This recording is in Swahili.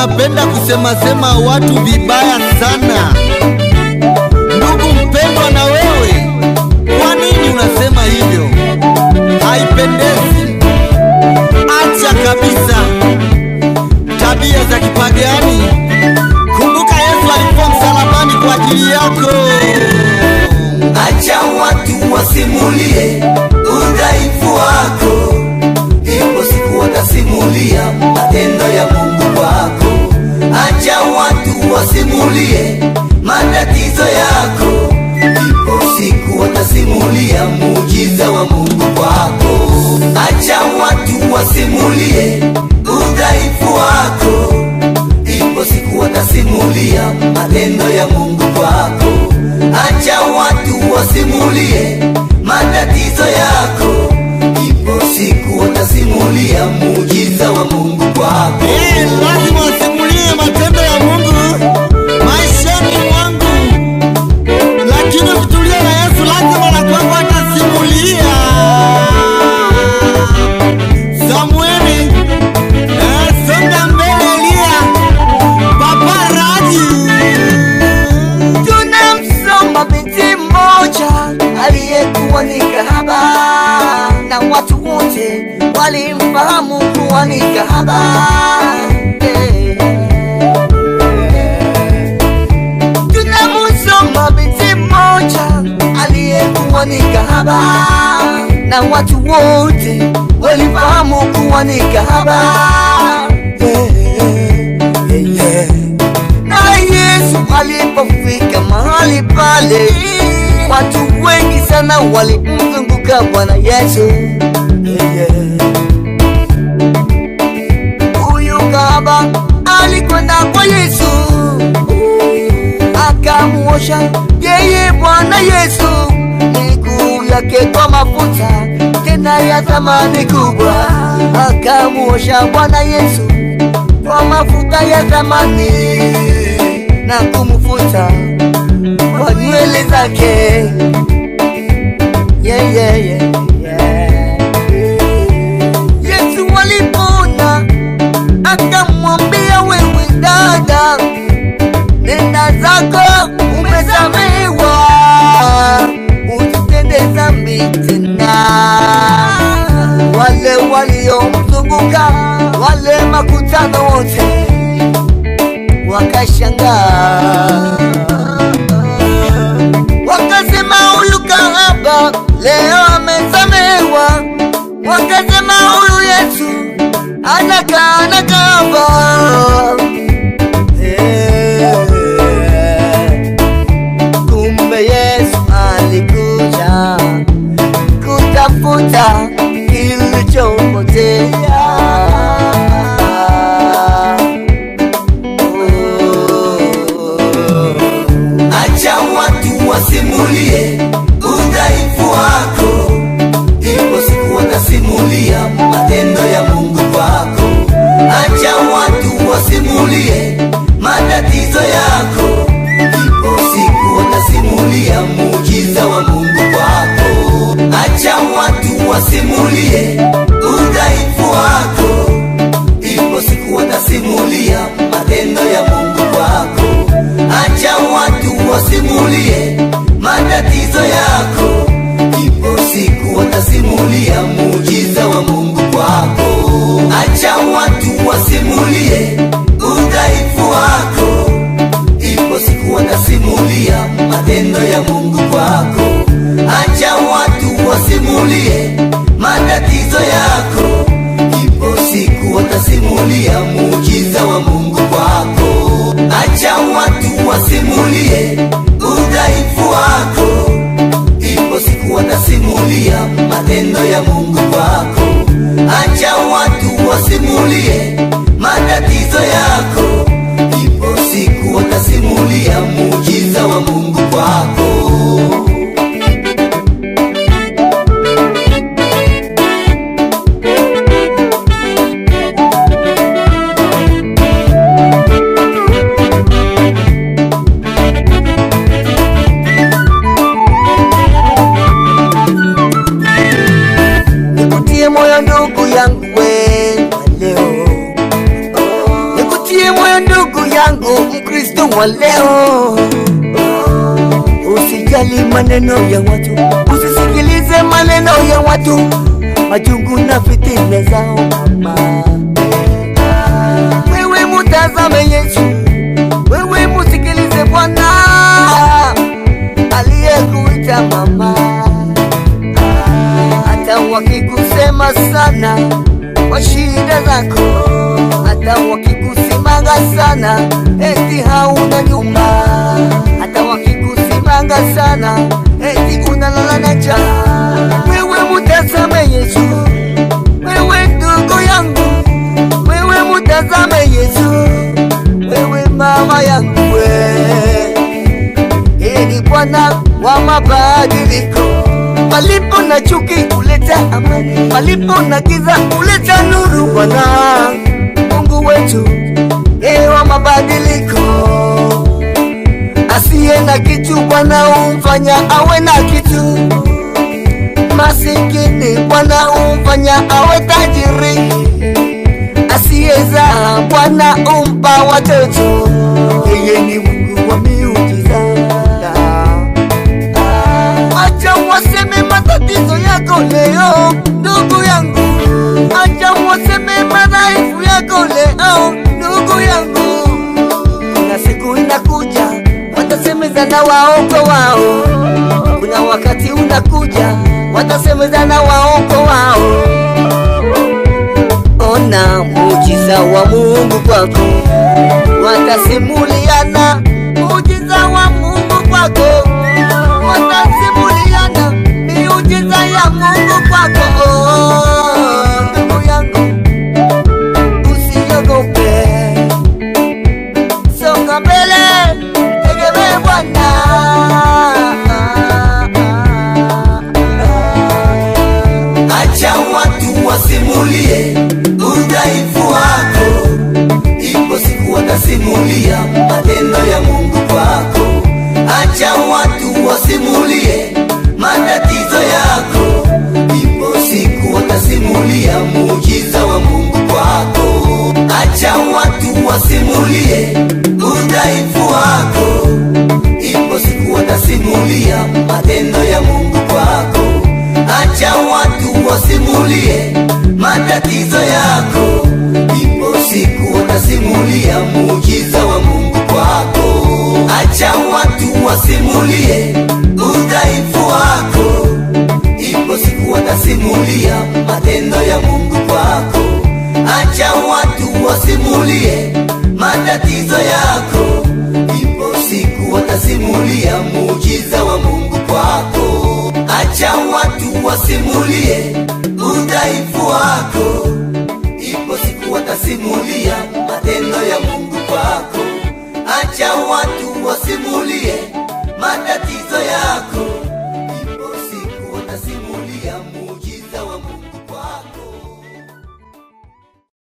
wanapenda kusema sema watu vibaya sana. the walimfahamu kuwa ni kahaba eh, binti mmoja aliyekuwa ni kahaba na watu wote walifahamu kuwa ni kahaba Yesu alipofika mahali pale watu wengi sana walimzunguka Bwana Yesu. Yeah, yeah. baba alikwenda kwa Yesu akamuosha yeye. Bwana Yesu miguu yake kwa mafuta tena ya thamani kubwa, akamuosha Bwana Yesu kwa mafuta ya thamani na kumfuta kwa nywele zake wako umesamehewa, usitende dhambi tena. Wale waliomzunguka wale makutano wote wakashangaa, wakasema huyu kahaba leo amesamehewa, wakasema huyu Yesu anakaa na kahaba wasimulie yangu Mkristo wa leo. Usijali maneno ya watu, usisikilize maneno ya watu, majungu na fitina zao. Wewe mutazame Yesu, wewe musikilize Bwana aliyekuita mama. Hata wakikusema sana kwa shida zako, hata waki wakikusimanga sana eti hauna nyuma, hata wakikusimanga sana eti unalala na njaa. Wewe mutazame Yesu, wewe ndugu yangu, wewe mutazame Yesu, wewe mama yangu, yeye ni Bwana wa mabadiliko. Palipo na chuki huleta amani, palipo na giza huleta nuru. Bwana Mungu wetu mabadiliko. Asiye na kitu Bwana umfanya awe na kitu, masikini Bwana umfanya awe tajiri, asiyezaa Bwana umpa watoto. Yeye ni wanasemezana waoko wao. Ona mujiza wa Mungu kwako, watasimuliana mujiza wa Mungu kwako olie simulie udhaifu wako, ipo siku watasimulia matendo ya Mungu kwako. Acha watu wasimulie matatizo yako.